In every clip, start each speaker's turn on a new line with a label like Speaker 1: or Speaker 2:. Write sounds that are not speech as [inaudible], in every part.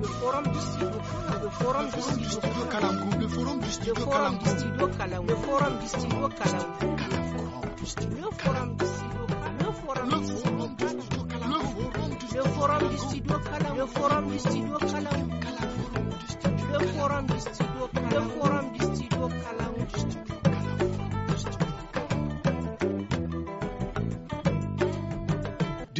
Speaker 1: le forum du studio Kalangu le forum du studio Kalangu le forum du studio Kalangu le forum du studio Kalangu le forum du studio Kalangu le forum du studio Kalangu le forum du studio Kalangu le forum du studio Kalangu le forum du studio Kalangu le forum du studio Kalangu le forum du studio Kalangu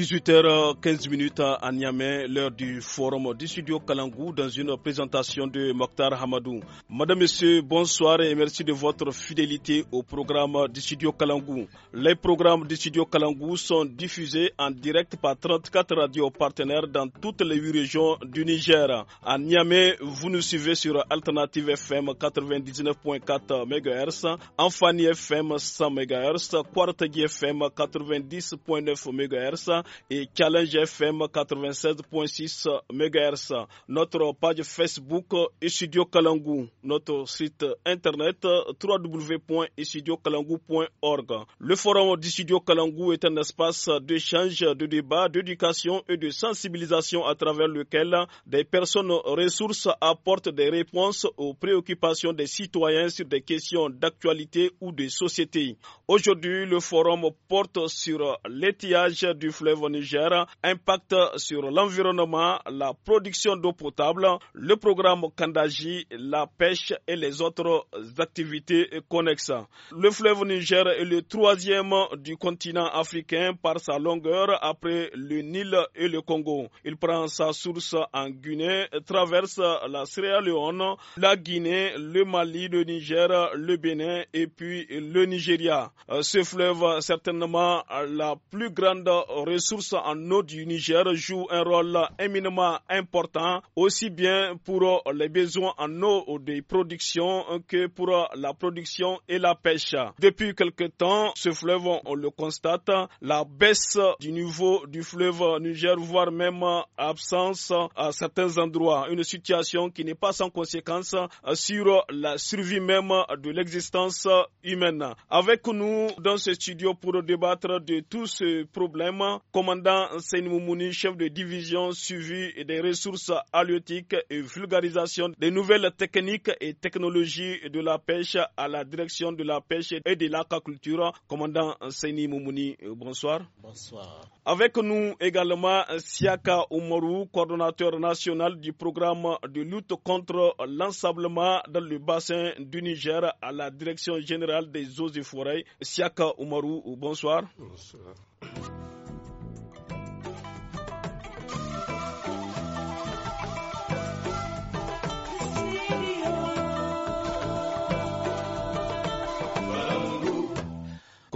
Speaker 2: 18h15 à Niamey, l'heure du forum du studio Kalangou dans une présentation de Mokhtar Hamadou. Madame, Messieurs, bonsoir et merci de votre fidélité au programme du studio Kalangou. Les programmes du studio Kalangou sont diffusés en direct par 34 radios partenaires dans toutes les 8 régions du Niger. À Niamey, vous nous suivez sur Alternative FM 99.4 MHz, Enfani FM 100 MHz, Quartier FM 90.9 MHz, et Challenge FM 96.6 MHz, notre page Facebook Studio Kalangu, notre site internet www.studiokalangu.org. Le forum du Studio Kalangu est un espace d'échange, de débat, d'éducation et de sensibilisation à travers lequel des personnes ressources apportent des réponses aux préoccupations des citoyens sur des questions d'actualité ou de société. Aujourd'hui, le forum porte sur l'étiage du fleuve Niger impact sur l'environnement, la production d'eau potable, le programme Kandaji, la pêche et les autres activités connexes. Le fleuve Niger est le troisième du continent africain par sa longueur après le Nil et le Congo. Il prend sa source en Guinée, traverse la Sierra Leone, la Guinée, le Mali, le Niger, le Bénin et puis le Nigeria. Ce fleuve, certainement la plus grande ressource ressources en eau du Niger joue un rôle éminemment important, aussi bien pour les besoins en eau des productions que pour la production et la pêche. Depuis quelque temps, ce fleuve, on le constate, la baisse du niveau du fleuve Niger, voire même absence à certains endroits. Une situation qui n'est pas sans conséquence sur la survie même de l'existence humaine. Avec nous dans ce studio pour débattre de tous ces problèmes commandant Moumouni, chef de division suivi des ressources halieutiques et vulgarisation des nouvelles techniques et technologies de la pêche à la direction de la pêche et de l'aquaculture. Commandant Seyni Moumouni, euh, bonsoir. Bonsoir. Avec nous également euh, Siaka Oumarou, coordonnateur national du programme de lutte contre l'ensablement dans le bassin du Niger à la direction générale des eaux et forêts. Siaka Oumarou, bonsoir. Bonsoir.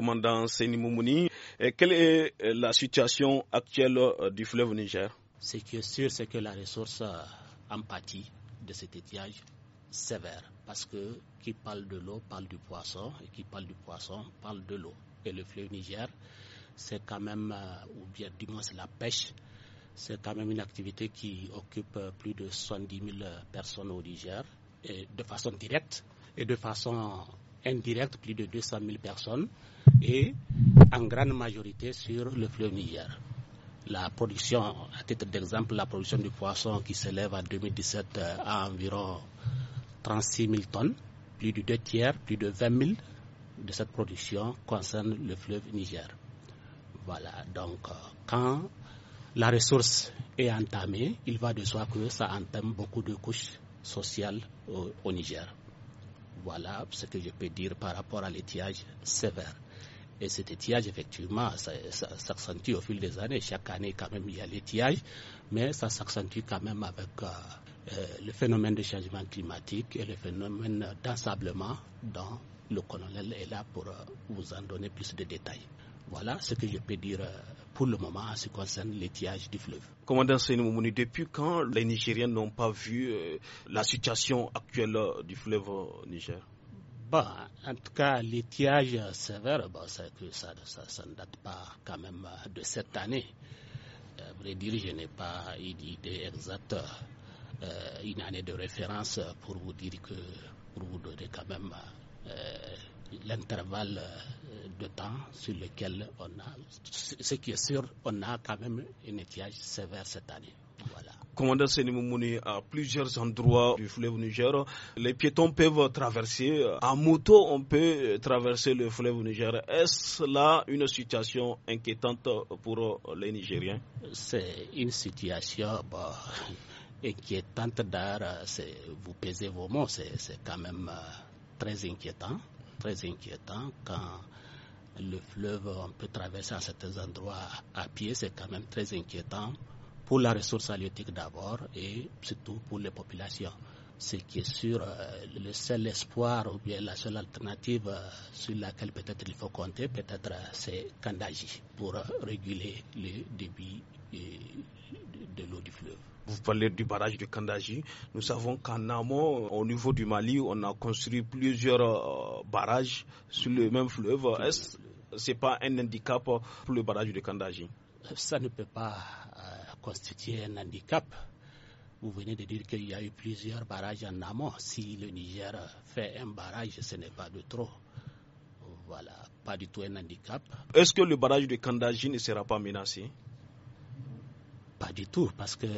Speaker 2: commandant Seni Quelle est euh, la situation actuelle euh, du fleuve Niger
Speaker 1: Ce qui est sûr, c'est que la ressource empathie euh, de cet étiage sévère. Parce que qui parle de l'eau parle du poisson, et qui parle du poisson parle de l'eau. Et le fleuve Niger, c'est quand même, ou bien du moins c'est la pêche, c'est quand même une activité qui occupe plus de 70 000 personnes au Niger, de façon directe, et de façon indirecte, plus de 200 000 personnes et en grande majorité sur le fleuve Niger. La production, à titre d'exemple, la production du poisson qui s'élève en 2017 euh, à environ 36 000 tonnes, plus de deux tiers, plus de 20 000 de cette production concerne le fleuve Niger. Voilà, donc euh, quand la ressource est entamée, il va de soi que ça entame beaucoup de couches sociales au Niger. Voilà ce que je peux dire par rapport à l'étiage sévère. Et cet étiage, effectivement, ça, s'accentue au fil des années. Chaque année, quand même, il y a l'étiage, mais ça s'accentue quand même avec euh, euh, le phénomène de changement climatique et le phénomène d'ensablement dont le colonel est là pour euh, vous en donner plus de détails. Voilà ce que je peux dire pour le moment en ce qui concerne l'étiage du fleuve.
Speaker 2: Commandant Moumouni, depuis quand les Nigériens n'ont pas vu la situation actuelle du fleuve Niger
Speaker 1: en tout cas, l'étiage sévère, que ça, ça, ne date pas quand même de cette année. Euh, dire, je n'ai pas une idée exacte, euh, une année de référence pour vous dire que, pour vous donner quand même euh, l'intervalle de temps sur lequel on a, ce qui est sûr, on a quand même un étiage sévère cette année.
Speaker 2: Voilà commandant Mouni, à plusieurs endroits du fleuve Niger, les piétons peuvent traverser. En moto, on peut traverser le fleuve Niger. Est-ce là une situation
Speaker 1: inquiétante pour les Nigériens C'est une situation bah, inquiétante d'ailleurs, Vous pesez vos mots, c'est quand même euh, très inquiétant. Très inquiétant quand le fleuve, on peut traverser à certains endroits à pied, c'est quand même très inquiétant pour la ressource halieutique d'abord et surtout pour les populations. Ce qui est sûr, euh, le seul espoir ou bien la seule alternative euh, sur laquelle peut-être il faut compter, peut-être euh, c'est Kandaji pour réguler le débit de, l'eau du fleuve. Vous
Speaker 2: parlez du barrage de Kandaji. Nous savons qu'en amont, au niveau du Mali, on a construit plusieurs barrages sur le même fleuve. Est-ce n'est pas un handicap pour
Speaker 1: le barrage de Kandaji Ça ne peut pas constituer un handicap. Vous venez de dire qu'il y a eu plusieurs barrages en amont. Si le Niger fait un barrage, ce n'est pas de trop. Voilà, pas du tout un handicap.
Speaker 2: Est-ce que le barrage de
Speaker 1: Kandaji ne sera pas menacé Pas du tout, parce que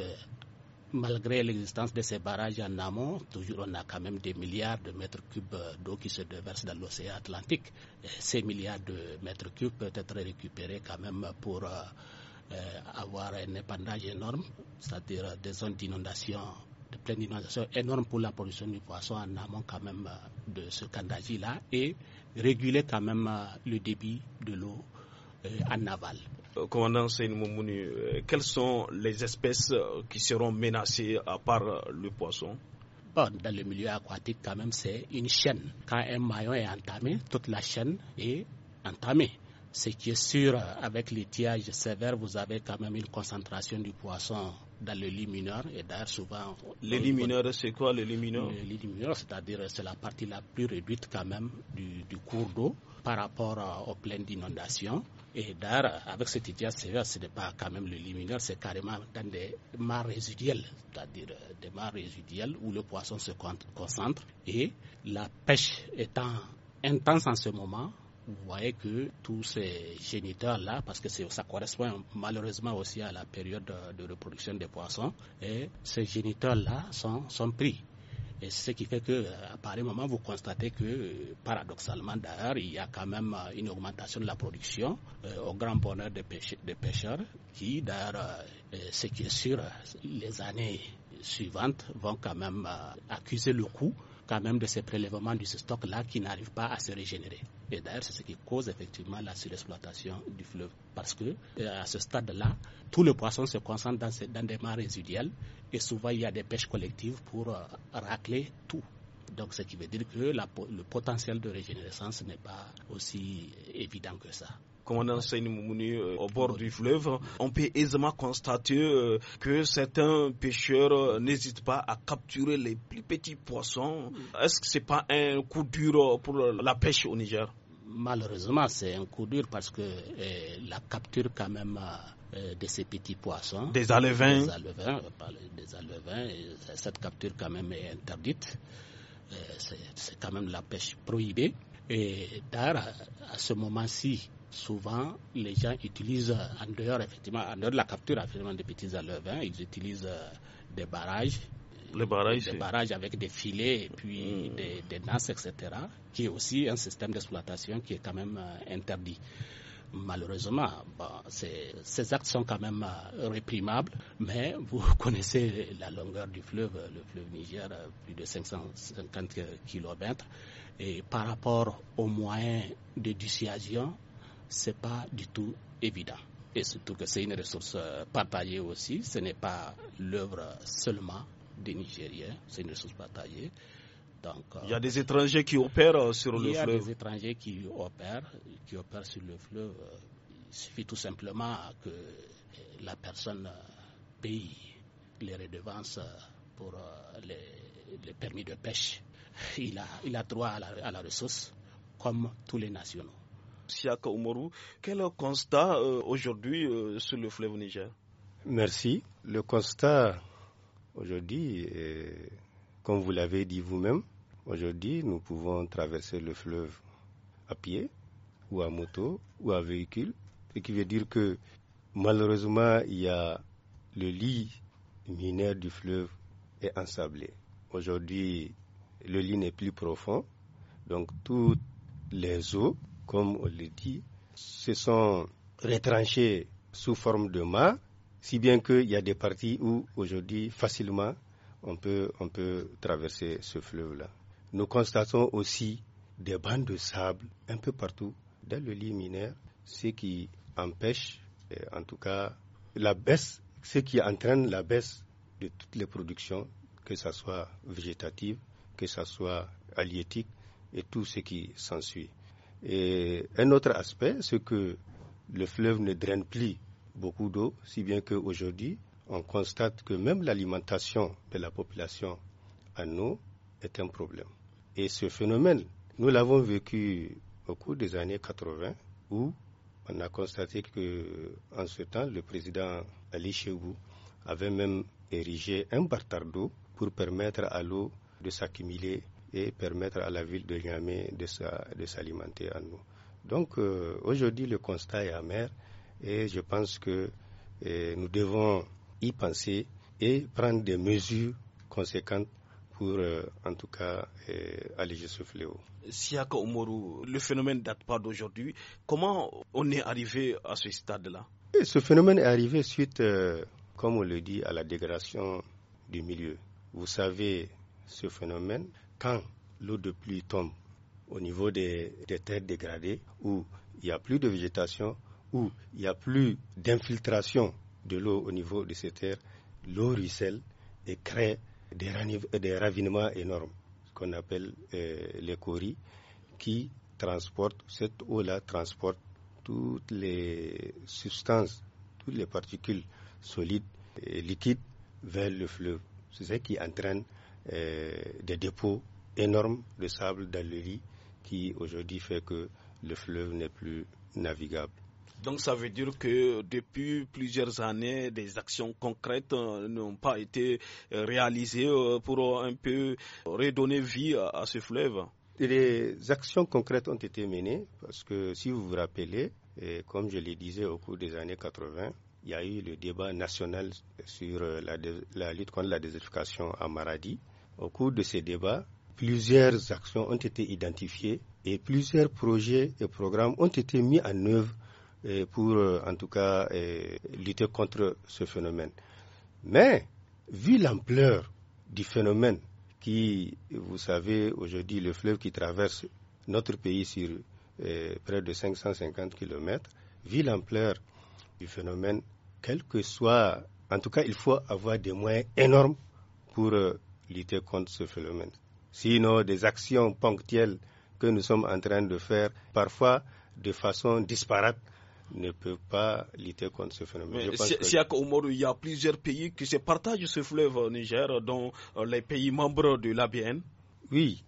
Speaker 1: malgré l'existence de ces barrages en amont, toujours on a quand même des milliards de mètres cubes d'eau qui se déversent dans l'océan Atlantique. ces milliards de mètres cubes peuvent être récupérés quand même pour euh, euh, avoir un épandage énorme, c'est-à-dire des zones d'inondation de pleine d'inondation énorme pour la production du poisson en amont quand même euh, de ce candagie-là et réguler quand même euh, le débit de l'eau en aval.
Speaker 2: Commandant Seynou quelles sont les espèces qui seront
Speaker 1: menacées à part le poisson dans le milieu aquatique quand même c'est une chaîne. Quand un maillon est entamé, toute la chaîne est entamée. Ce qui est sûr, avec l'étiage sévère, vous avez quand même une concentration du poisson dans le lit mineur. Et d'ailleurs, souvent. Le lit mineur, c'est quoi le lit mineur Le lit mineur, c'est-à-dire, c'est la partie la plus réduite quand même du, cours d'eau par rapport euh, aux plaines d'inondation. Et d'ailleurs, avec cet étiage sévère, ce n'est pas quand même le lit mineur, c'est carrément dans des mares résiduelles, c'est-à-dire euh, des mares résiduelles où le poisson se concentre. Et la pêche étant intense en ce moment, vous voyez que tous ces géniteurs-là, parce que ça correspond malheureusement aussi à la période de, reproduction des poissons, et ces géniteurs-là sont, pris. Et ce qui fait que, euh, à pareil moment, vous constatez que, euh, paradoxalement d'ailleurs, il y a quand même euh, une augmentation de la production au grand bonheur des, pêcheurs, qui d'ailleurs, ce qui est sûr, les années suivantes vont quand même accuser le coup quand même de ces prélèvements de ce stock-là qui n'arrivent pas à se régénérer. Et d'ailleurs, c'est ce qui cause effectivement la surexploitation du fleuve. Parce que euh, à ce stade-là, tous les poissons se concentrent dans, des mares résiduelles et souvent il y a des pêches collectives pour euh, racler tout. Donc, ce qui veut dire que le potentiel de régénérescence n'est pas aussi évident que ça
Speaker 2: commandant on Moumouni euh, au bord du fleuve, on peut aisément constater euh, que certains pêcheurs euh, n'hésitent pas à capturer les plus petits poissons. Est-ce que ce n'est pas un coup
Speaker 1: dur pour la pêche au Niger Malheureusement, c'est un coup dur parce que la capture quand même... de ces petits poissons. Des alevins. Des alevins, Cette capture quand même est interdite. C'est quand même la pêche prohibée. Et d'ailleurs, à, ce moment-ci, souvent les gens utilisent, en dehors, effectivement, en de la capture effectivement, des petits alevins, hein, ils utilisent euh, des barrages. des barrages avec des filets et puis mm. des, nasses, etc., qui est aussi un système d'exploitation qui est quand même euh, interdit malheureusement, ces actes sont quand même euh, réprimables, mais vous [laughs] connaissez la longueur du fleuve, le fleuve Niger, plus de 550 km, et par rapport aux moyens de dissuasion, ce n'est pas du tout évident. Et surtout que c'est une ressource euh, partagée aussi, ce n'est pas l'œuvre seulement des Nigériens, c'est une ressource partagée. Donc, euh, il y a des
Speaker 2: étrangers qui opèrent euh, sur le fleuve. Il y a des
Speaker 1: étrangers qui opèrent, qui opèrent sur le fleuve. Il suffit tout simplement que la personne paye les redevances pour les, permis de pêche. [laughs] Il a, il a droit à la ressource, comme tous les nationaux. Siaka Umoru, quel constat
Speaker 2: euh, aujourd'hui euh, sur le fleuve Niger
Speaker 3: Merci. Le constat aujourd'hui, comme vous l'avez dit vous-même, aujourd'hui nous pouvons traverser le fleuve à pied ou à moto ou à véhicule, ce qui veut dire que malheureusement il y a le lit mineur du fleuve est ensablé. Aujourd'hui, le lit n'est plus profond, donc toutes les eaux comme on le dit, se sont retranchés sous forme de mât, si bien qu'il y a des parties où aujourd'hui facilement on peut, on peut traverser ce fleuve-là. Nous constatons aussi des bandes de sable un peu partout dans le lit mineur, ce qui empêche, euh, en tout cas, la baisse, ce qui entraîne la baisse de toutes les productions, que ce soit végétative, que ce soit halieutique et tout ce qui s'ensuit. Et un autre aspect, c'est que le fleuve ne draine plus beaucoup d'eau, si bien qu'aujourd'hui, on constate que même l'alimentation de la population en eau est un problème. Et ce phénomène, nous l'avons vécu au cours des années 80, où on a constaté que, en ce temps, le président Ali Chebou avait même érigé un partard d'eau pour permettre à l'eau de s'accumuler et permettre à la ville de Niamey de, s'alimenter à nous. Donc euh, aujourd'hui, le constat est amer et je pense que euh, nous devons y penser et prendre des mesures conséquentes pour, euh, en tout cas, alléger ce fléau.
Speaker 2: Siaka Omoru, le phénomène ne date pas d'aujourd'hui. Comment on est arrivé à ce stade-là
Speaker 3: Ce phénomène est arrivé suite, comme on le dit, à la dégradation du milieu. Vous savez, ce phénomène, quand l'eau de pluie tombe au niveau des, terres dégradées, où il n'y a plus de végétation, où il n'y a plus d'infiltration de l'eau au niveau de ces terres, l'eau ruisselle et crée des, ravinements énormes, ce qu'on appelle euh, les coris, qui transportent, cette eau-là transporte toutes les substances, toutes les particules solides et liquides vers le fleuve. C'est ce qui entraîne euh, des dépôts énormes de sable dans le lit qui aujourd'hui fait que le fleuve n'est plus navigable.
Speaker 2: Donc ça veut dire que depuis plusieurs années, des actions concrètes euh, n'ont pas été euh, réalisées pour un peu redonner vie à ce fleuve.
Speaker 3: Les actions concrètes ont été menées parce que si vous vous rappelez, comme je le disais au cours des années 80, il y a eu le débat national sur la, la lutte contre la désertification à Maradi. Au cours de ces débats, plusieurs actions ont été identifiées et plusieurs projets et programmes ont été mis en œuvre eh, pour, euh, en tout cas, eh, lutter contre ce phénomène. Mais, vu l'ampleur du phénomène qui, vous savez, aujourd'hui, le fleuve qui traverse notre pays sur eh, près de 550 km, vu l'ampleur du phénomène, quel que soit, en tout cas, il faut avoir des moyens énormes pour euh, lutter contre ce phénomène. Sinon, des actions ponctuelles que nous sommes en train de faire, parfois de façon disparate, ne peut pas lutter contre ce phénomène. il
Speaker 2: y a plusieurs pays qui se partagent ce fleuve au euh, Niger, dont euh, les pays membres de l'ABN. Oui.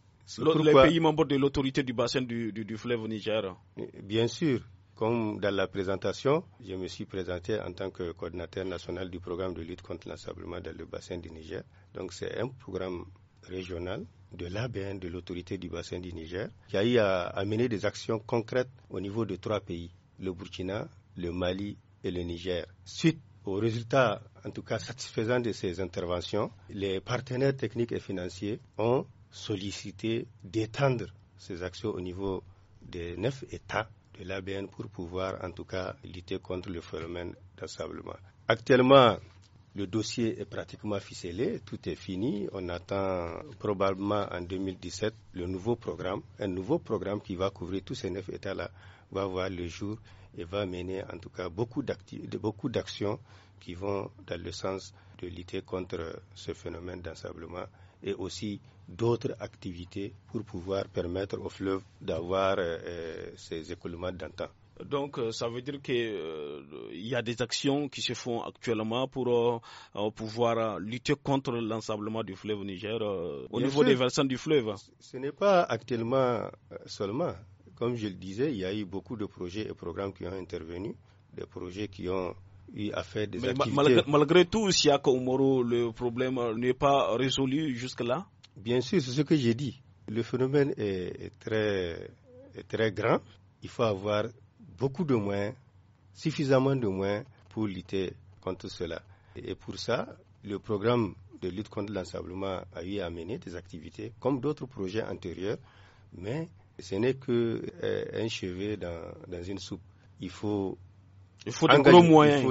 Speaker 2: Les pays membres de l'autorité du bassin du, du, du fleuve Niger.
Speaker 3: Bien sûr. Comme dans la présentation, je me suis présenté en tant que coordinateur national du programme de lutte contre l'ensablement dans le bassin du Niger. Donc c'est un programme régional de l'ABN, de l'autorité du bassin du Niger, qui a eu à mener des actions concrètes au niveau de trois pays, le Burkina, le Mali et le Niger. Suite aux résultats, en tout cas satisfaisants de ces interventions, les partenaires techniques et financiers ont sollicité d'étendre ces actions au niveau des neuf États et l'ABN pour pouvoir en tout cas lutter contre le phénomène d'ensablement. Actuellement, le dossier est pratiquement ficelé, tout est fini. On attend probablement en 2017 le nouveau programme, un nouveau programme qui va couvrir tous ces neuf États-là, va voir le jour et va mener en tout cas beaucoup d'actions qui vont dans le sens de lutter contre ce phénomène d'ensablement et aussi d'autres activités pour pouvoir permettre au fleuve d'avoir euh, euh, ses ces écoulements d'antan.
Speaker 2: Donc, euh, ça veut dire qu'il y a des actions qui se font actuellement pour pouvoir lutter contre l'ensemblement du fleuve Niger au niveau des versants du fleuve.
Speaker 3: Ce n'est pas actuellement seulement. Comme je le disais, il y a eu beaucoup de projets et programmes qui ont intervenu, des projets qui ont à faire des activités. Malgré,
Speaker 2: tout, tout, à Omoro, le problème euh, n'est pas résolu jusque-là Bien sûr, c'est ce que j'ai dit. Le phénomène est
Speaker 3: très, très grand. Il faut avoir beaucoup de moyens, suffisamment de moyens pour lutter contre cela. Et pour ça, le programme de lutte contre l'ensablement a eu à mener des activités comme d'autres projets antérieurs, mais ce n'est qu'un euh, chevet dans, dans une soupe. Il faut il faut, engager,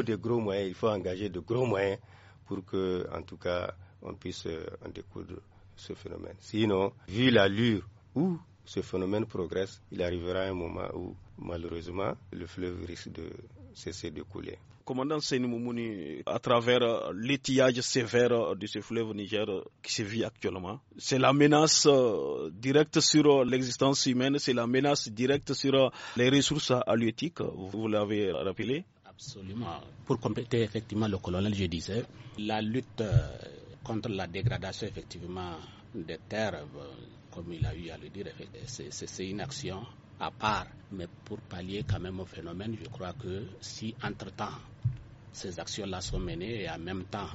Speaker 3: des gros moyens. Il faut engager de gros moyens pour que, en tout cas, on puisse euh, en découdre ce phénomène. Sinon, vu l'allure où ce phénomène progresse, il arrivera un moment où, malheureusement, le fleuve risque de cesser
Speaker 2: de couler commandant Seyni à travers l'étillage sévère de ce fleuve Niger qui se vit actuellement, c'est la menace euh, directe sur l'existence humaine, c'est la menace directe sur les ressources halieutiques, vous l'avez rappelé.
Speaker 1: Absolument. Pour compléter effectivement le colonel, je disais, la lutte euh, contre la dégradation effectivement des terres, euh, comme il a eu à le dire, c'est une action à part. Mais pour pallier quand même au phénomène, je crois que si entre-temps ces actions-là sont menées et en même temps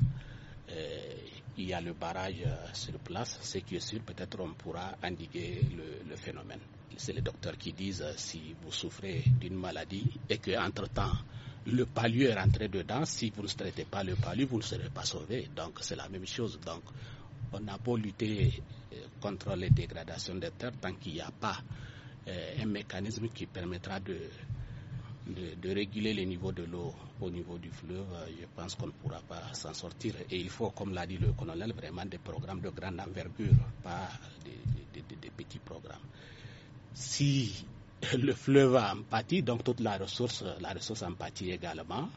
Speaker 1: euh, il y a le barrage euh, sur place, ce qui est sûr, peut-être on pourra indiquer le, phénomène. C'est les docteurs qui disent euh, si vous souffrez d'une maladie et qu'entre-temps le palier est rentré dedans, si vous ne traitez pas le palu, vous ne serez pas sauvé. Donc c'est la même chose. Donc on n'a pas lutté contre les dégradations des terres tant qu'il n'y a pas euh, un mécanisme qui permettra de, réguler le niveaux de l'eau au niveau du fleuve, euh, je pense qu'on ne pourra pas s'en sortir. Et il faut, comme l'a dit le colonel, vraiment des programmes de grande envergure, pas des, petits programmes. Si [laughs] le fleuve a empathie donc toute la ressource, la ressource en également.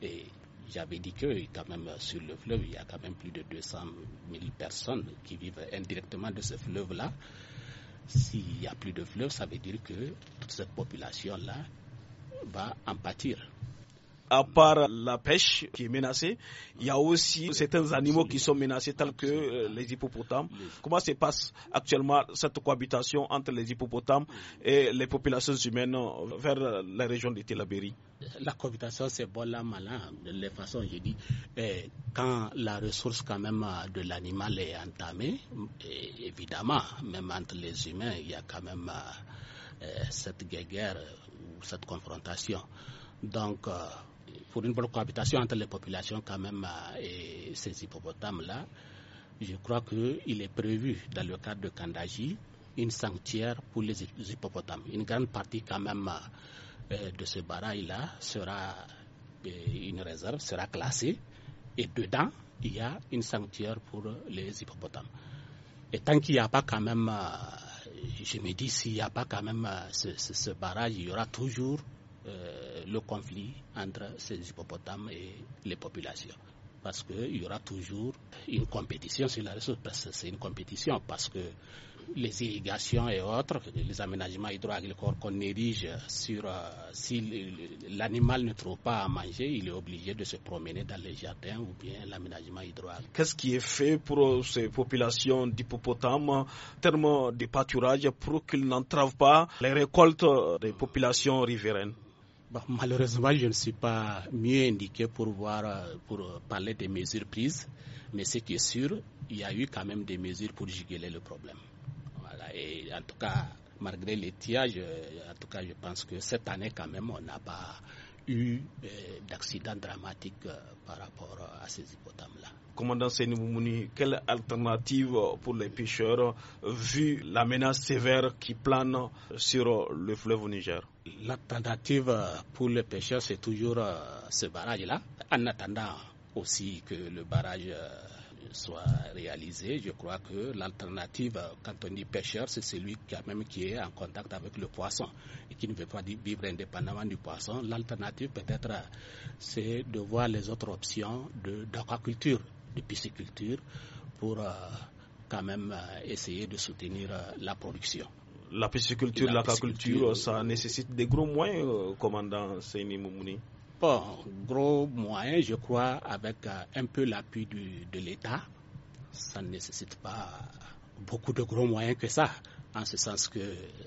Speaker 1: Et j'avais dit que quand même sur le fleuve, il y a quand même plus de 200 000 personnes qui vivent indirectement de ce fleuve-là. S'il n'y a plus de fleurs, ça veut dire que toute cette population-là va en pâtir
Speaker 2: à part la pêche qui est menacée, il y a aussi certains animaux qui sont menacés, tels que euh, les hippopotames. Comment se passe actuellement cette cohabitation entre les hippopotames et les populations humaines euh, vers la région de Télabéri
Speaker 1: La cohabitation, c'est bon là, malin. De la façon, je dis, quand la ressource quand même euh, de l'animal est entamée, évidemment, même entre les humains, il y a quand même cette guerre ou cette confrontation. Donc, pour une bonne cohabitation entre les populations quand même euh, et ces hippopotames-là, je crois qu'il est prévu dans le cadre de Kandaji une sanctuaire pour les hippopotames. Une grande partie quand même euh, euh, de ce barrage-là sera une réserve, sera classée et dedans, il y a une sanctuaire pour les hippopotames. Et tant qu'il n'y a pas quand même, je me dis, s'il n'y a pas quand même ce barrage, il y aura toujours euh, le conflit entre ces hippopotames et les populations. Parce qu'il y aura toujours une compétition sur la ressource, c'est une compétition, parce que les irrigations et autres, les aménagements hydroagricoles qu'on érige sur, euh, si l'animal ne trouve pas à manger, il est obligé de se promener dans les jardins ou bien l'aménagement hydroagricole.
Speaker 2: Qu'est-ce qui est fait pour euh, ces populations d'hippopotames, termes de pâturage, pour qu'ils
Speaker 1: n'entravent pas les récoltes des populations riveraines bah, malheureusement, je ne suis pas mieux indiqué pour, voir, pour parler des mesures prises, mais ce qui est sûr, il y a eu quand même des mesures pour juguler le problème. Voilà, et en tout cas, malgré les euh, en tout cas, je pense que cette année, quand même, on n'a pas eu euh, d'accidents dramatiques euh, par rapport euh, à ces hippotames-là.
Speaker 2: Commandant muni quelle alternative pour les pêcheurs vu la menace sévère qui plane sur le fleuve Niger
Speaker 1: L'alternative pour les pêcheurs, c'est toujours ce barrage-là, en attendant aussi que le barrage soit réalisé, je crois que l'alternative, quand on dit pêcheur, c'est celui qui, même qui est en contact avec le poisson et qui ne veut pas vivre indépendamment du poisson. L'alternative, peut-être, c'est de voir les autres options d'aquaculture, de, pisciculture, pour euh, quand même euh, essayer de soutenir euh, la production la
Speaker 2: pisciculture, l'aquaculture, ça nécessite des gros moyens, commandant Seini Moumouni.
Speaker 1: Bon, gros moyen, je crois, avec euh, un peu l'appui de l'État. Ça ne nécessite pas beaucoup de gros moyens que ça, en ce sens que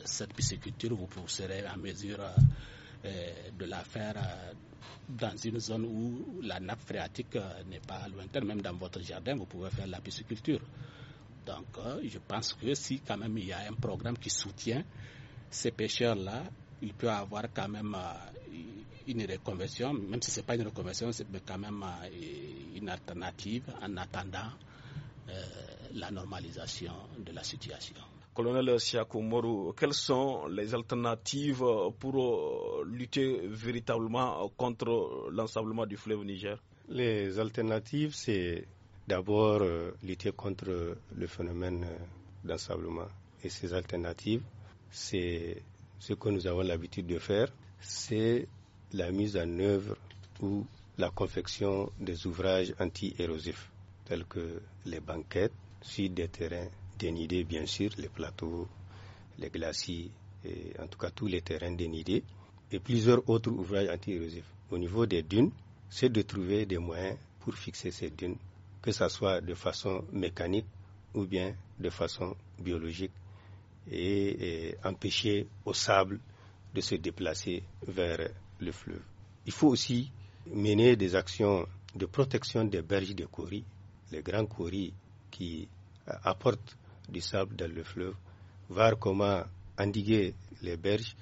Speaker 1: cette pisciculture, vous serez en mesure euh, de la faire euh, dans une zone où la nappe phréatique n'est pas lointaine, même dans votre jardin, vous pouvez faire la pisciculture. Donc, je pense que si quand même il y a un programme qui soutient ces pêcheurs-là, il peut avoir quand même une reconversion, même si ce n'est pas une reconversion, c'est quand même euh, une alternative en attendant euh, la normalisation de la situation.
Speaker 2: Colonel Siakoumourou, quelles sont les alternatives pour euh, lutter véritablement contre l'ensablement du fleuve Niger
Speaker 3: Les alternatives, c'est d'abord lutter contre le phénomène d'ensablement. Et ces alternatives, c'est ce que nous avons l'habitude de faire, c'est la mise en œuvre ou la confection des ouvrages anti-érosifs, tels que les banquettes sur des terrains dénidés, bien sûr, les plateaux, les glacis, et en tout cas tous les terrains dénidés, et plusieurs autres ouvrages anti-érosifs. Au niveau des dunes, c'est de trouver des moyens pour fixer ces dunes, que ce soit de façon mécanique ou bien de façon biologique, et, et empêcher au sable de se déplacer vers le fleuve. Il faut aussi mener des actions de protection des berges de couris les grands couris qui apportent du sable dans le fleuve, voir comment endiguer les berges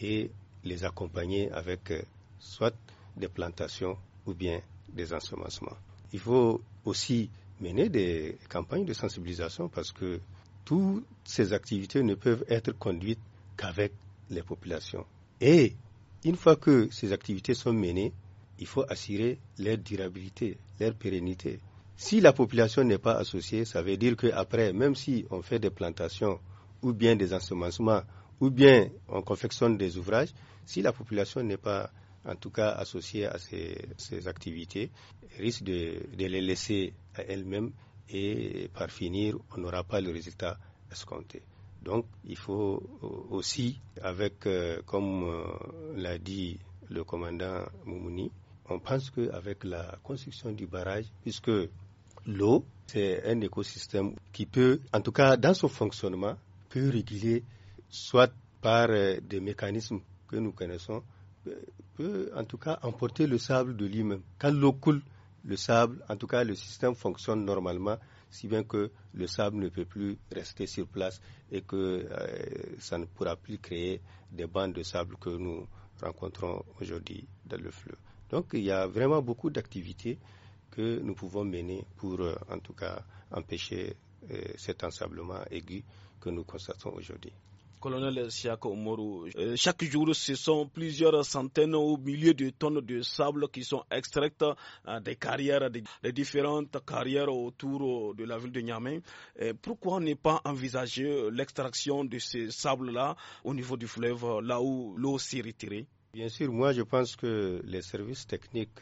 Speaker 3: et les accompagner avec euh, soit des plantations ou bien des ensemencements. Il faut aussi mener des campagnes de sensibilisation parce que toutes ces activités ne peuvent être conduites qu'avec les populations. Et une fois que ces activités sont menées, il faut assurer leur durabilité, leur pérennité. Si la population n'est pas associée, ça veut dire qu'après, même si on fait des plantations ou bien des ensemencements ou bien on confectionne des ouvrages, si la population n'est pas en tout cas associée à ces, activités, activités, risque de, de les laisser à elle-même et par finir, on n'aura pas le résultat escompté. Donc il faut euh, aussi, avec, euh, comme euh, l'a dit le commandant Moumouni, on pense qu'avec la construction du barrage, puisque l'eau, c'est un écosystème qui peut, en tout cas dans son fonctionnement, peut réguler soit par des mécanismes que nous connaissons, peut en tout cas emporter le sable de lui-même. Quand l'eau coule, le sable, en tout cas le système fonctionne normalement si bien que le sable ne peut plus rester sur place et que euh, ça ne pourra plus créer des bandes de sable que nous rencontrons aujourd'hui dans le fleuve. Donc il y a vraiment beaucoup d'activités que nous pouvons mener pour euh, en tout cas empêcher euh, cet ensablement aigu que nous constatons aujourd'hui.
Speaker 2: Colonel Siako Omoru, euh, chaque jour, ce sont plusieurs centaines ou milliers de tonnes de sable qui sont extraites euh, des carrières, des, différentes carrières autour euh, de la ville de Niamey. Pourquoi ne pas envisager l'extraction de ces sables-là au niveau du fleuve, là où l'eau s'est retirée Bien sûr,
Speaker 3: moi je pense que les services techniques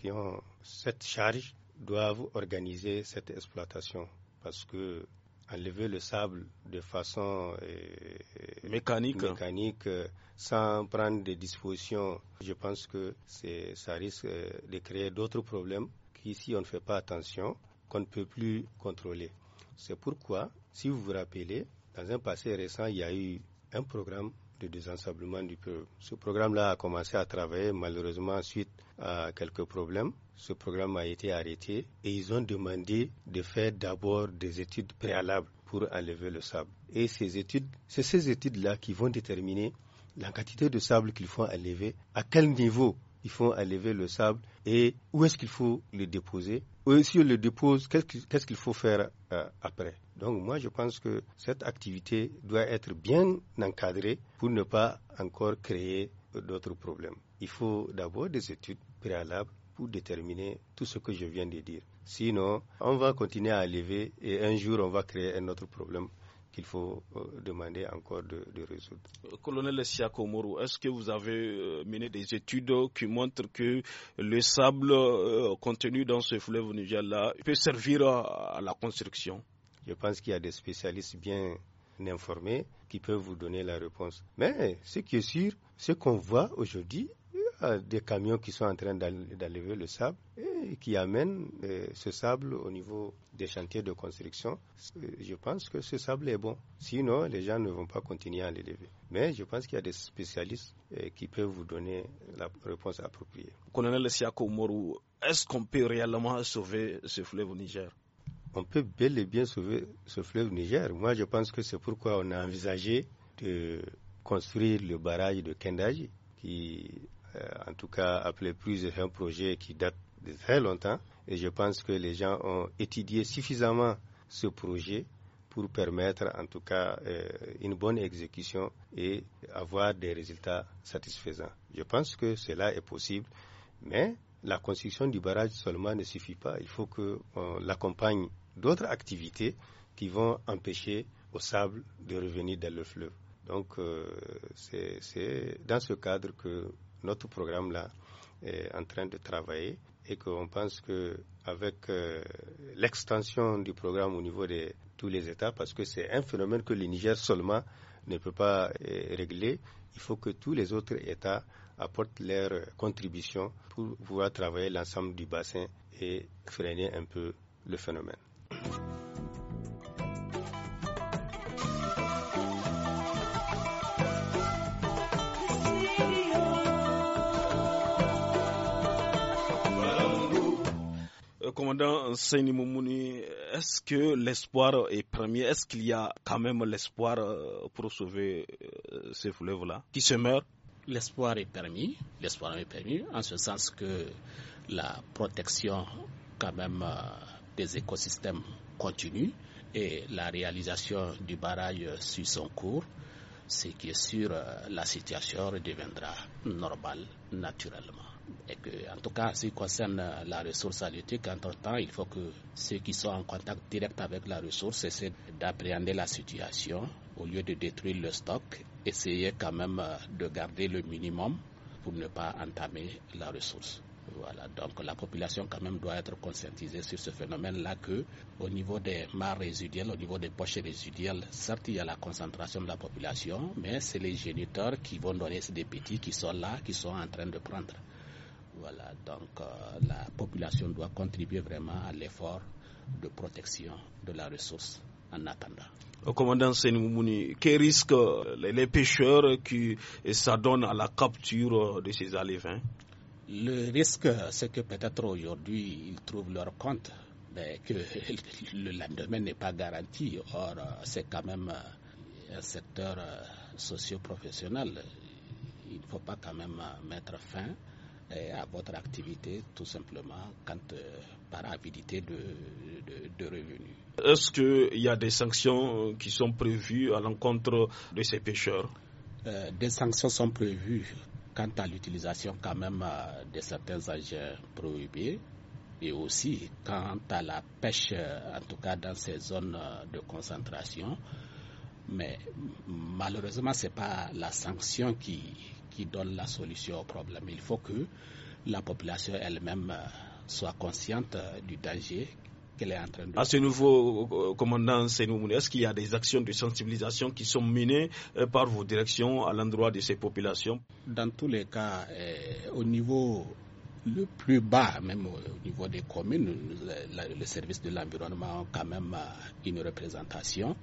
Speaker 3: qui ont cette charge doivent organiser cette exploitation parce que Enlever le sable de façon euh, mécanique, mécanique euh, sans prendre des dispositions, je pense que ça risque euh, de créer d'autres problèmes qui, si on ne fait pas attention, qu'on ne peut plus contrôler. C'est pourquoi, si vous vous rappelez, dans un passé récent, il y a eu un programme de désensablement du peuple. Ce programme-là a commencé à travailler malheureusement suite à quelques problèmes. Ce programme a été arrêté et ils ont demandé de faire d'abord des études préalables pour enlever le sable. Et ces études, c'est ces études-là qui vont déterminer la quantité de sable qu'il faut enlever, à quel niveau il faut enlever le sable et où est-ce qu'il faut le déposer ou si on le dépose, qu'est-ce qu'il faut faire euh, après Donc moi, je pense que cette activité doit être bien encadrée pour ne pas encore créer d'autres problèmes. Il faut d'abord des études préalables pour déterminer tout ce que je viens de dire. Sinon, on va continuer à lever et un jour, on va créer un autre problème qu'il faut euh, demander encore de, résoudre.
Speaker 2: Euh, colonel Siakomoro, est-ce que vous avez euh, mené des études qui montrent que le sable contenu dans ce fleuve Niger-là peut servir à, à la construction Je pense qu'il y a des spécialistes bien informés qui peuvent vous donner la
Speaker 3: réponse. Mais ce qui est sûr, ce qu'on voit aujourd'hui, euh, des camions qui sont en train d'enlever le sable et qui amènent euh, ce sable au niveau des chantiers de construction. Euh, je pense que ce sable est bon. Sinon, les gens ne vont pas continuer à l'élever. Mais je pense qu'il y a des spécialistes qui peuvent vous donner la réponse appropriée. Colonel Moru, est-ce qu'on peut réellement sauver ce fleuve Niger on peut bel et bien sauver ce fleuve Niger. Moi, je pense que c'est pourquoi on a envisagé de construire le barrage de Kendaji, qui euh, en tout cas appelé plus un projet qui date de très longtemps. Et je pense que les gens ont étudié suffisamment ce projet pour permettre en tout cas euh, une bonne exécution et avoir des résultats satisfaisants. Je pense que cela est possible, mais la construction du barrage seulement ne suffit pas. Il faut qu'on l'accompagne d'autres activités qui vont empêcher au sable de revenir dans le fleuve. Donc euh, c'est dans ce cadre que notre programme là est en train de travailler et qu'on pense que avec euh, l'extension du programme au niveau de tous les États, parce que c'est un phénomène que le Niger seulement ne peut pas euh, régler, il faut que tous les autres États apportent leur contribution pour pouvoir travailler l'ensemble du bassin et freiner un peu le phénomène.
Speaker 2: commandant Seyni Moumouni, est-ce que l'espoir est permis Est-ce qu'il y a quand même l'espoir euh, pour sauver euh,
Speaker 1: ces fleuves-là qui se meurent L'espoir est permis. L'espoir est permis en ce sens que la protection quand même euh, des écosystèmes continue et la réalisation du barrage suit son cours ce qui est sûr, la situation redeviendra normale naturellement que, en tout cas, ce qui concerne la ressource halieutique, entre-temps, il faut que ceux qui sont en contact direct avec la ressource essaient d'appréhender la situation au lieu de détruire le stock, essayer quand même euh, de garder le minimum pour ne pas entamer la ressource. Voilà, donc la population quand même doit être conscientisée sur ce phénomène-là que au niveau des mares résiduelles, au niveau des poches résiduelles, certes il y a la concentration de la population, mais c'est les géniteurs qui vont donner des petits qui sont là, qui sont en train de prendre donc euh, la population doit contribuer vraiment à l'effort de protection de la ressource en attendant.
Speaker 2: Au commandant Senoumouni, quels risques euh, les, pêcheurs qui s'adonnent à la capture euh, de ces alévins Le risque,
Speaker 1: c'est que peut-être aujourd'hui, ils trouvent leur compte, mais que [laughs] le lendemain n'est pas garanti. Or, c'est quand même un secteur socio-professionnel. Il ne faut pas quand même mettre fin à votre activité, tout simplement, quand, euh, par avidité de, revenus.
Speaker 2: Est-ce qu'il y a des sanctions euh, qui sont prévues à l'encontre de ces pêcheurs
Speaker 1: euh, Des sanctions sont prévues quant à l'utilisation quand même de certains agents prohibés et aussi quant à la pêche, en tout cas dans ces zones de concentration. Mais malheureusement, ce n'est pas la sanction qui, qui donne la solution au problème. Il faut que la population elle-même euh, soit consciente euh, du danger qu'elle est en train de... À ce
Speaker 2: nouveau euh, commandant est-ce qu'il y a des actions de sensibilisation qui sont menées par vos directions
Speaker 1: à l'endroit de ces populations Dans tous les cas, au niveau le plus bas, même au niveau des communes, le service de l'environnement a quand même une représentation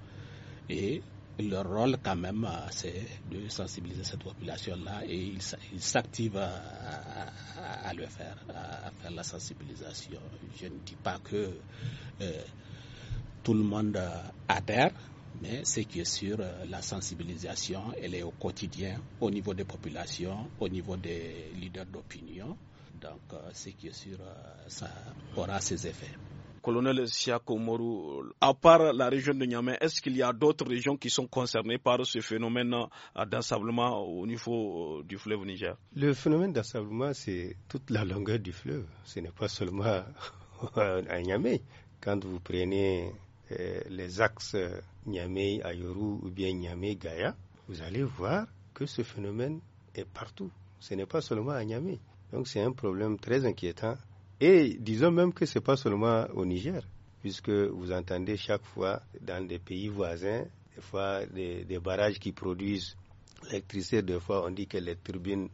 Speaker 1: et leur rôle quand même, euh, c'est de sensibiliser cette population-là et ils s'activent euh, à, le faire, à, faire la sensibilisation. Je ne dis pas que euh, tout le monde adhère, mais ce qui est sûr, la sensibilisation, elle est au quotidien, au niveau des populations, au niveau des leaders d'opinion. Donc, ce qui est sûr, ça aura ses effets
Speaker 2: colonel Siako Moru, à part la région de Niamey, est-ce qu'il y a d'autres régions qui sont concernées par ce phénomène euh, d'assablement au niveau euh, du fleuve Niger
Speaker 3: Le phénomène d'assablement, c'est toute la longueur du fleuve. Ce n'est pas seulement [laughs] à Niamey. Quand vous prenez euh, les axes Niamey-Ayuru ou bien niamey gaya vous allez voir que ce phénomène est partout. Ce n'est pas seulement à Niamey. Donc c'est un problème très inquiétant et disons même que ce n'est pas seulement au Niger, puisque vous entendez chaque fois dans des pays voisins, des fois des, barrages qui produisent l'électricité, des fois on dit que les turbines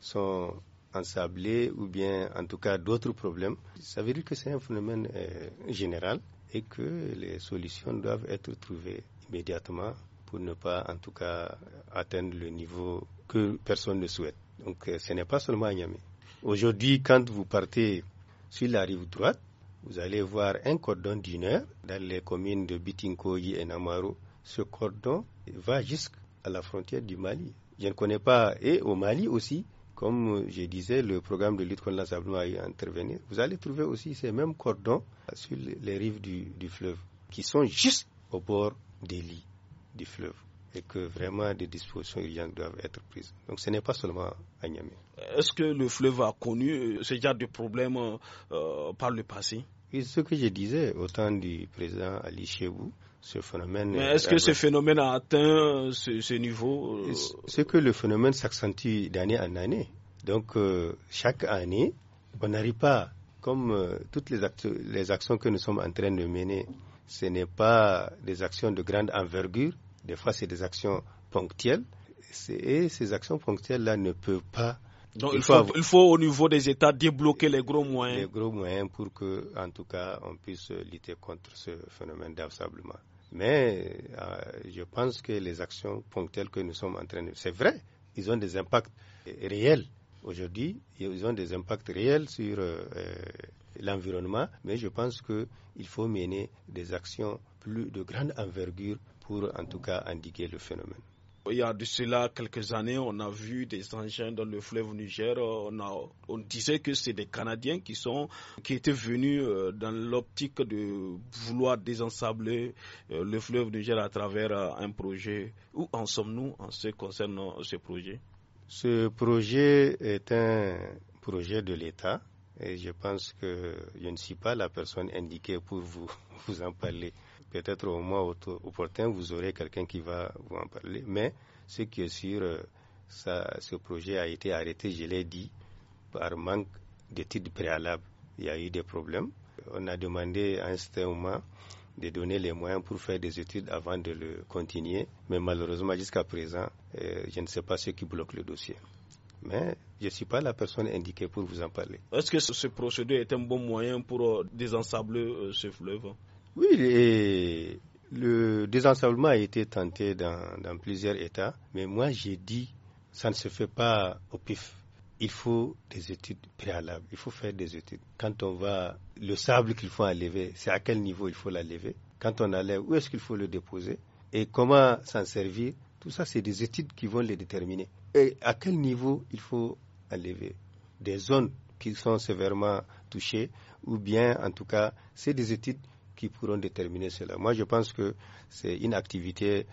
Speaker 3: sont ensablées ou bien en tout cas d'autres problèmes. Ça veut dire que c'est un phénomène euh, général et que les solutions doivent être trouvées immédiatement pour ne pas en tout cas atteindre le niveau que personne ne souhaite. Donc euh, ce n'est pas seulement à Niamey. Aujourd'hui, quand vous partez sur la rive droite, vous allez voir un cordon d'une heure dans les communes de Bitinkoyi et Namaro. Ce cordon va jusqu'à la frontière du Mali. Je ne connais pas, et au Mali aussi, comme je disais, le programme de lutte contre la a intervenu. Vous allez trouver aussi ces mêmes cordons sur les rives du, du fleuve, qui sont juste au bord des lits du fleuve et que vraiment des dispositions urgentes doivent être prises. Donc ce n'est pas seulement à Niamey.
Speaker 2: Est-ce que le fleuve a connu euh, ce genre
Speaker 3: de problème euh, euh, par le passé et Ce que je disais au temps du président Ali Chebou, ce phénomène. Mais est-ce que ce
Speaker 2: phénomène a atteint ce, niveau
Speaker 3: C'est que le phénomène s'accentue d'année en année. Donc chaque année, on n'arrive pas, comme toutes les, les actions que nous sommes en train de mener, ce n'est pas des actions de grande envergure, des fois, c'est des actions ponctuelles. Et ces actions ponctuelles-là ne peuvent
Speaker 2: pas. Donc, il faut, au niveau des États débloquer
Speaker 3: les gros moyens. Les gros moyens pour que, en tout cas, on puisse lutter contre ce phénomène d'absablement. Mais euh, je pense que les actions ponctuelles que nous sommes en train de. C'est vrai, ils ont des impacts réels. Aujourd'hui, ils ont des impacts réels sur euh, euh, l'environnement, mais je pense qu'il faut mener des actions
Speaker 2: plus de grande envergure pour en tout cas indiquer le phénomène. Il y a de cela quelques années, on a vu des engins dans le fleuve Niger. On, disait que c'est des Canadiens qui, sont, qui étaient venus euh, dans l'optique de vouloir désensabler euh, le fleuve Niger à travers euh, un projet. Où en sommes-nous en ce qui concerne ce projet
Speaker 3: Ce projet est un projet de l'État et je pense que je ne suis pas la personne indiquée pour vous [laughs] en parler peut-être au moins opportun, vous aurez quelqu'un qui va vous en parler. Mais ce qui est sûr, euh, ce projet a été arrêté, je l'ai dit, par manque d'études préalables. Il y a eu des problèmes. On a demandé à un certain moment de donner les moyens pour faire des études avant de le continuer. Mais malheureusement, jusqu'à présent, euh, je ne sais pas ce qui bloque le dossier. Mais je ne suis pas la personne indiquée pour vous en parler.
Speaker 2: Est-ce que ce procédé est un bon moyen pour euh, désensabler ce fleuve
Speaker 3: oui, le désensablement a été tenté dans, plusieurs États, mais moi j'ai dit ça ne se fait pas au pif. Il faut des études préalables, il faut faire des études. Quand on va, le sable qu'il faut enlever, c'est à quel niveau il faut l'enlever. Quand on enlève, où est-ce qu'il faut le déposer et comment s'en servir. Tout ça, c'est des études qui vont les déterminer. Et à quel niveau il faut enlever des zones qui sont sévèrement touchées, ou bien en tout cas, c'est des études qui pourront déterminer cela. Moi, je pense que c'est une activité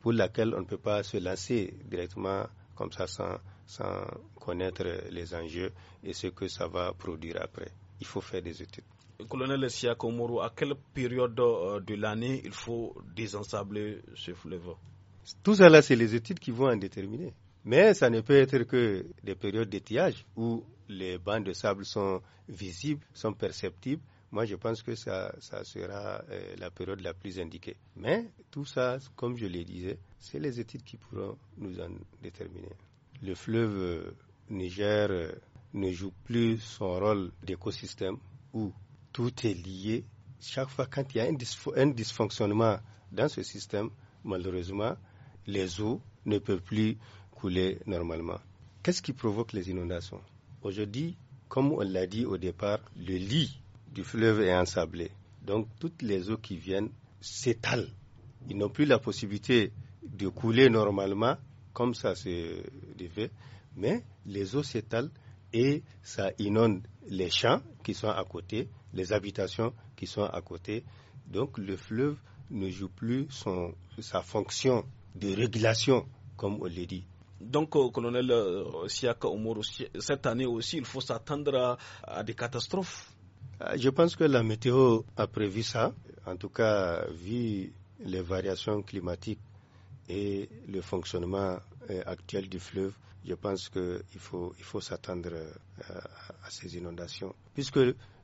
Speaker 3: pour laquelle on ne peut pas se lancer directement comme ça sans, connaître les enjeux et ce que ça va produire après. Il faut faire des études.
Speaker 2: Colonel Siakomoro, à quelle période euh, de l'année il faut désensabler ce fleuve Tout cela, c'est les études
Speaker 3: qui vont en déterminer. Mais ça ne peut être que des périodes d'étiage où les bancs de sable sont visibles, sont perceptibles, moi je pense que ça, sera euh, la période la plus indiquée. Mais tout ça, comme je le disais, c'est les études qui pourront nous en déterminer. Le fleuve euh, Niger euh, ne joue plus son rôle d'écosystème où tout est lié. Chaque fois quand il y a un dysfonctionnement dans ce système, malheureusement, les eaux ne peuvent plus couler normalement. Qu'est-ce qui provoque les inondations Aujourd'hui, comme on l'a dit au départ, le lit du fleuve est ensablé. Donc toutes les eaux qui viennent s'étalent. Ils n'ont plus la possibilité de couler normalement, comme ça se devait, mais les eaux s'étalent et ça inonde les champs qui sont à côté, les habitations qui sont à côté. Donc le fleuve ne joue plus sa fonction de régulation, comme on l'a dit.
Speaker 2: Donc, euh, colonel euh, Siaka Omoro, cette année aussi, il faut s'attendre à des catastrophes euh, je pense que la météo a prévu ça. En tout cas,
Speaker 3: vu les variations climatiques et le fonctionnement euh, actuel du fleuve, je pense qu'il faut, il faut s'attendre euh, à, ces inondations. Puisque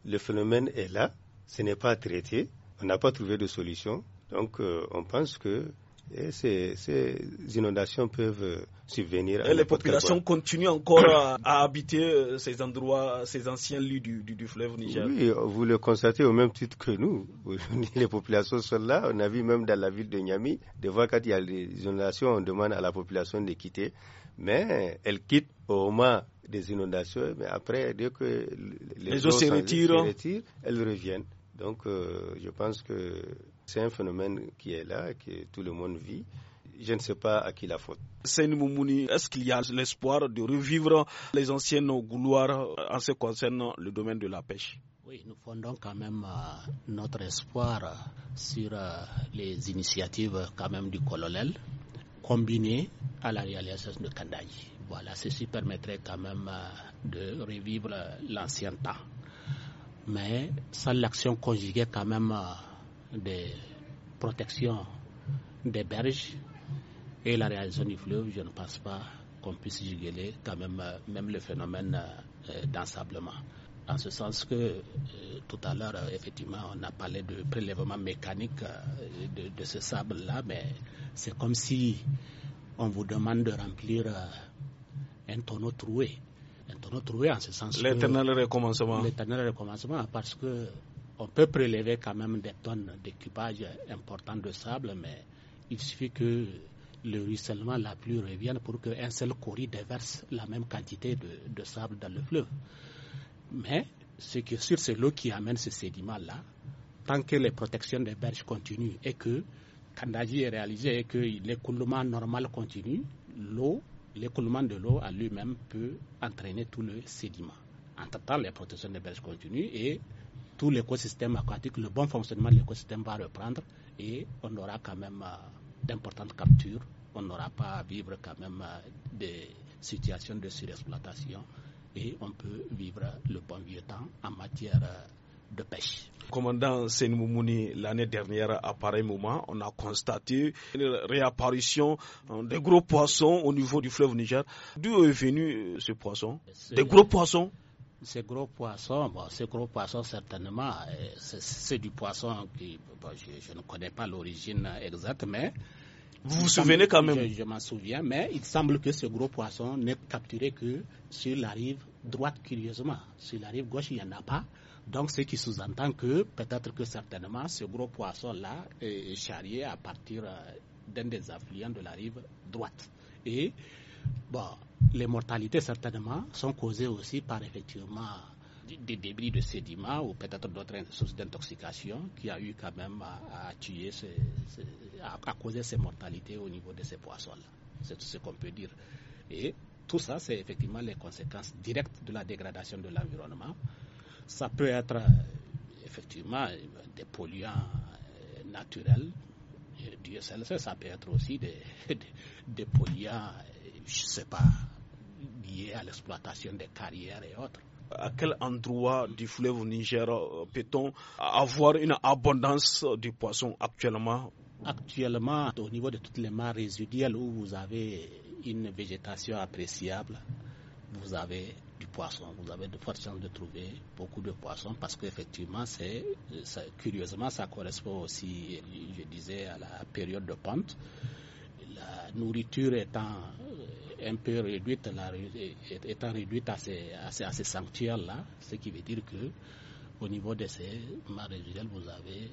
Speaker 3: le phénomène est là, ce n'est pas traité, on n'a pas trouvé de solution. Donc, on pense que eh, ces inondations peuvent et les populations
Speaker 2: continuent encore à, habiter euh, ces endroits, ces anciens lieux du, fleuve Niger. Oui,
Speaker 3: vous le constatez au même titre que nous. Les populations sont là. On a vu même dans la ville de Niamey, de voir quand il y a des inondations, on demande à la population de quitter. Mais elle quitte au moment des inondations, mais après, dès que
Speaker 2: les, eaux se retirent,
Speaker 3: elles reviennent. Donc, euh, je pense que c'est un phénomène qui est là, que tout le monde vit je ne sais pas à qui la faute.
Speaker 2: Seine Moumouni, est-ce qu'il y a l'espoir de revivre les anciennes gouloirs en ce qui concerne
Speaker 1: le domaine de la pêche oui, nous fondons quand même euh, notre espoir euh, sur euh, les initiatives quand même du colonel combinées à la réalisation de Kandai. Voilà, ceci permettrait quand même de revivre l'ancien temps. Mais sans l'action conjuguée quand même des protections des berges, et la réalisation du fleuve, je ne pense pas qu'on puisse juguler quand même, euh, même le phénomène euh, euh, d'ensablement. En ce sens que tout à l'heure, effectivement, on a parlé de prélèvement mécanique de, ce sable-là, mais c'est comme si on vous demande de remplir un tonneau troué. Un tonneau troué en ce sens. L'éternel recommencement. L'éternel recommencement, parce que on peut prélever quand même des tonnes d'équipage important de sable, mais il suffit que le ruissellement, la pluie revienne pour qu'un seul courrier déverse la même quantité de, sable dans le fleuve. Mais ce que sur sûr, c'est l'eau qui amène ce sédiment-là. Tant que les protections des berges continuent et que Kandaji est réalisé et que l'écoulement normal continue, l'eau, l'écoulement de l'eau à lui-même peut entraîner tout le sédiment. Entre-temps, les protections des berges continuent et tout l'écosystème aquatique, le bon fonctionnement de l'écosystème va reprendre et on aura quand même... Euh, d'importantes captures, on n'aura pas à vivre quand même euh, des situations de surexploitation et on peut vivre le bon vieux temps en matière euh,
Speaker 2: de pêche. Commandant Senmoumouni, l'année dernière, à pareil moment, on a constaté une réapparition euh, des gros poissons au niveau du fleuve Niger. D'où est venu ce poisson Des gros poissons
Speaker 1: ces gros poisson, bon, gros poisson certainement, euh, c'est du poisson qui, je, ne connais pas l'origine exacte, mais vous vous souvenez quand même Je, m'en souviens, mais il semble que ce gros poisson n'est capturé que sur la rive droite, curieusement. Sur la rive gauche, il n'y en a pas. Donc, ce qui sous-entend que peut-être que certainement ce gros poisson-là est charrié à partir euh, d'un des affluents de la rive droite. Et Bon, les mortalités, certainement, sont causées aussi par effectivement des débris de sédiments ou peut-être d'autres sources d'intoxication qui a eu quand même à, tuer, à, causer ces mortalités au niveau de ces poissons-là. C'est tout ce qu'on peut dire. Et tout ça, c'est effectivement les conséquences directes de la dégradation de l'environnement. Ça peut être effectivement des polluants euh, naturels, du SLC, ça peut être aussi des [laughs] polluants je ne sais pas, lié à l'exploitation des carrières et autres. À quel
Speaker 2: endroit du fleuve Niger euh, peut-on avoir une abondance de poisson
Speaker 1: actuellement Actuellement, au niveau de toutes les mares résiduelles où vous avez une végétation appréciable, vous avez du poisson. Vous avez de fortes chances de trouver beaucoup de poissons parce qu'effectivement, c'est, curieusement, ça correspond aussi, je disais, à la période de pente. La nourriture étant un peu réduite, étant réduite à ces, sanctuaires-là, ce qui veut dire que au niveau de ces mares vous avez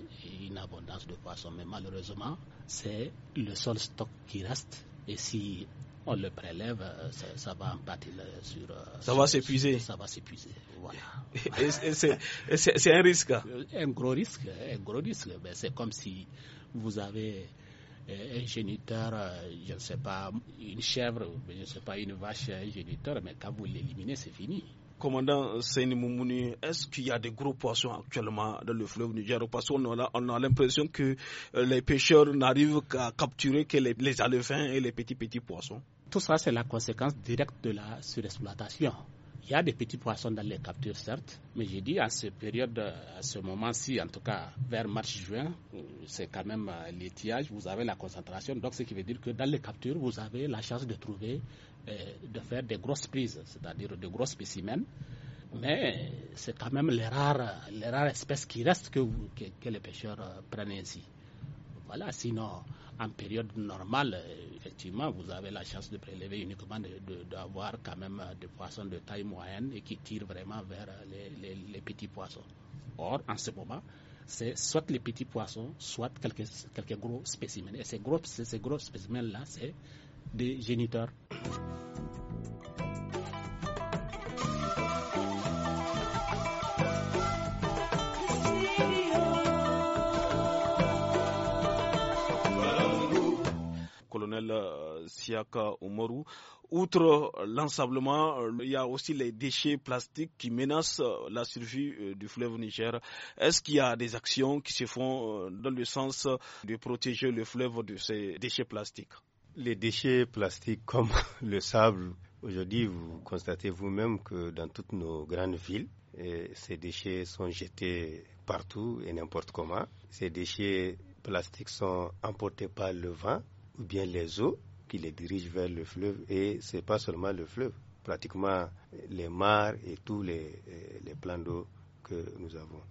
Speaker 1: une abondance de poissons. Mais malheureusement, c'est le seul stock qui reste. Et si on le prélève, euh, euh, euh, ça, va sur. Ça va s'épuiser. Ça va s'épuiser. Voilà. [laughs] c'est un risque. Hein. Un gros risque. Un gros risque. c'est comme si vous avez un géniteur, euh, je ne sais pas, une chèvre, je ne sais pas, une vache, un géniteur, mais quand vous l'éliminez, c'est fini.
Speaker 2: Commandant Seyni est-ce qu'il y a des gros poissons actuellement dans le fleuve Niger Parce qu'on a, on a l'impression que
Speaker 1: euh, les pêcheurs n'arrivent qu'à capturer que les, les alevins et les petits petits poissons. Tout ça, c'est la conséquence directe de la surexploitation. Il y a des petits poissons dans les captures, certes, mais j'ai dit à cette période, à ce moment-ci, en tout cas vers mars-juin, euh, c'est quand même euh, l'étiage, vous avez la concentration. Donc, ce qui veut dire que dans les captures, vous avez la chance de trouver, euh, de faire des grosses prises, c'est-à-dire de gros spécimens. Mais c'est quand même les rares, les rares espèces qui restent que, que les pêcheurs prennent ainsi. Voilà, sinon, en période normale, euh, effectivement, vous avez la chance de prélever uniquement d'avoir de, quand même euh, des poissons de taille moyenne et qui tirent vraiment vers euh, les, les, petits poissons. Or, en ce moment, c'est soit les petits poissons, soit quelques, quelques gros spécimens. Et ces gros, ces gros spécimens-là, c'est des géniteurs.
Speaker 2: Euh, Siaka Omoru. Outre l'ensablement, euh, il y a aussi les déchets plastiques qui menacent euh, la survie du fleuve Niger. Est-ce qu'il y a des actions qui se font dans le sens de protéger le fleuve de ces déchets plastiques Les déchets
Speaker 3: plastiques [laughs] comme le sable, aujourd'hui vous constatez vous-même que dans toutes nos grandes villes, eh, ces déchets sont jetés partout et n'importe comment. Ces déchets plastiques sont emportés par le vent ou bien les eaux qui les dirigent vers le fleuve. Et ce n'est pas seulement le fleuve, pratiquement les mares et tous les, euh, les plans d'eau que nous avons.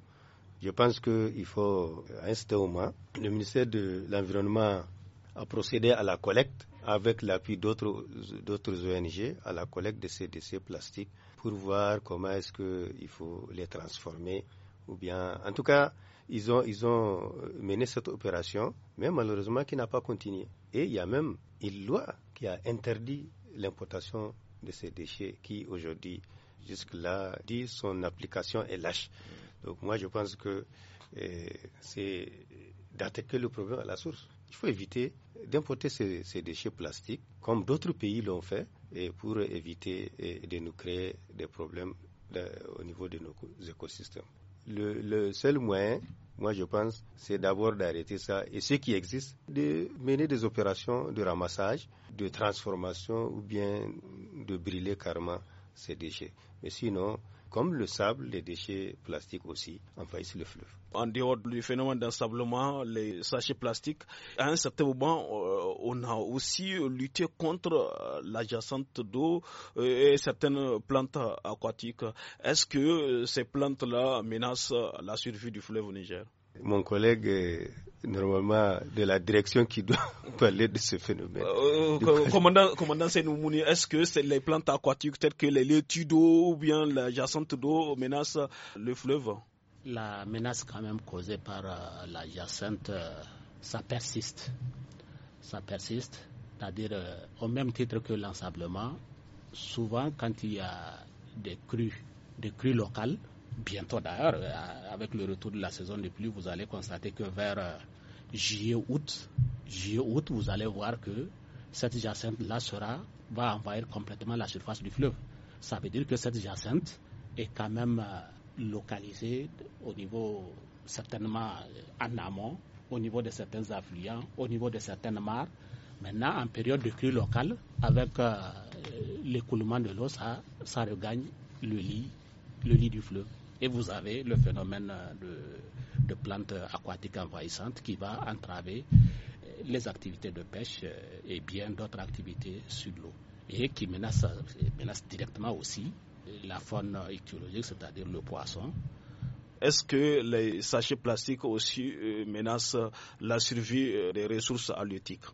Speaker 3: Je pense qu'il faut, à un moins le ministère de l'Environnement a procédé à la collecte avec l'appui d'autres ONG à la collecte de ces déchets plastiques pour voir comment est-ce qu'il faut les transformer ou bien, en tout cas, ils ont, euh, mené cette opération, mais malheureusement qui n'a pas continué. Et il y a même une loi qui a interdit l'importation de ces déchets qui aujourd'hui, jusque-là, dit son application est lâche. Donc moi je pense que euh, c'est d'attaquer le problème à la source. Il faut éviter d'importer ces, déchets plastiques comme d'autres pays l'ont fait et pour éviter euh, de nous créer des problèmes au niveau de nos écosystèmes le, seul moyen moi je pense, c'est d'abord d'arrêter ça. Et ce qui existe, de mener des opérations de ramassage, de transformation ou bien de brûler carrément ces déchets. Mais sinon, comme le sable, les déchets plastiques aussi envahissent le fleuve.
Speaker 2: En dehors du phénomène d'ensablement, les sachets plastiques, à un certain moment, euh, on a aussi lutté contre euh, l'adjacente d'eau euh, et certaines plantes aquatiques. Est-ce que ces plantes-là menacent la survie du fleuve au Niger
Speaker 3: mon collègue est euh, normalement de la direction qui doit [laughs] parler de ce phénomène.
Speaker 2: Euh, euh, commandant, commandant est-ce que c'est les plantes aquatiques telles que les laitues d'eau ou bien la jacente d'eau menacent
Speaker 1: le fleuve La menace quand même causée par la jacente, ça persiste. Ça persiste, c'est-à-dire au même titre que l'ensablement, souvent quand il y a des crues, des crues locales, bientôt d'ailleurs, euh, avec le retour de la saison de pluie, vous allez constater que vers euh, juillet, août, juillet, août, vous allez voir que cette jacinthe-là sera, va envahir complètement la surface du fleuve. Ça veut dire que cette jacinthe est quand même euh, localisée au niveau, certainement en amont, au niveau de certains affluents, au niveau de certaines mares. Maintenant, en période de crue locale, avec l'écoulement de l'eau, ça, regagne le lit, le lit du fleuve. Et vous avez le phénomène euh, de, plantes euh, aquatiques envahissantes qui va entraver euh, les activités de pêche et bien d'autres activités sur l'eau et qui menace, directement aussi la faune ichthyologique, c'est-à-dire le poisson,
Speaker 2: est-ce que les sachets plastiques aussi menacent la
Speaker 1: survie des ressources halieutiques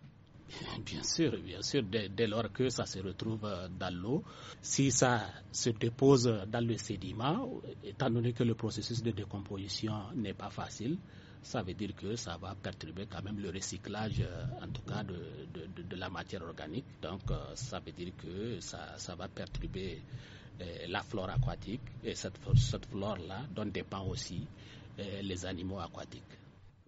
Speaker 1: Bien sûr, bien sûr, dès, lors que ça se retrouve euh, dans l'eau, si ça se dépose dans le sédiment, étant donné que le processus de décomposition n'est pas facile, ça veut dire que ça va perturber quand même le recyclage, euh, en tout cas, de, la matière organique. Donc, euh, ça veut dire que ça, va perturber la flore aquatique et cette, flore-là dont dépend aussi les animaux aquatiques.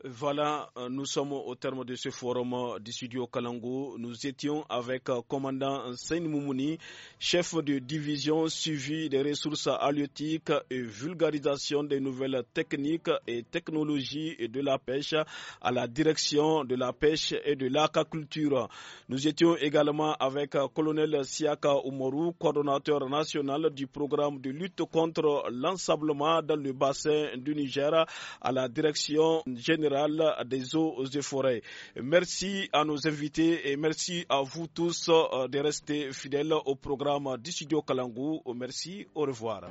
Speaker 2: Voilà, euh, nous sommes au terme de ce forum euh, du studio Kalango. Nous étions avec euh, commandant Seine Moumouni, chef de division suivi des ressources halieutiques et vulgarisation des nouvelles techniques et technologies de la pêche à la direction de la pêche et de l'aquaculture. Nous étions également avec colonel Siaka Umoru, coordonnateur national du programme de lutte contre l'ensablement dans le bassin du Niger à la direction générale des eaux et forêts. Merci à nos invités et merci à vous tous euh, de rester fidèles au programme du studio Kalangou. Merci, au revoir.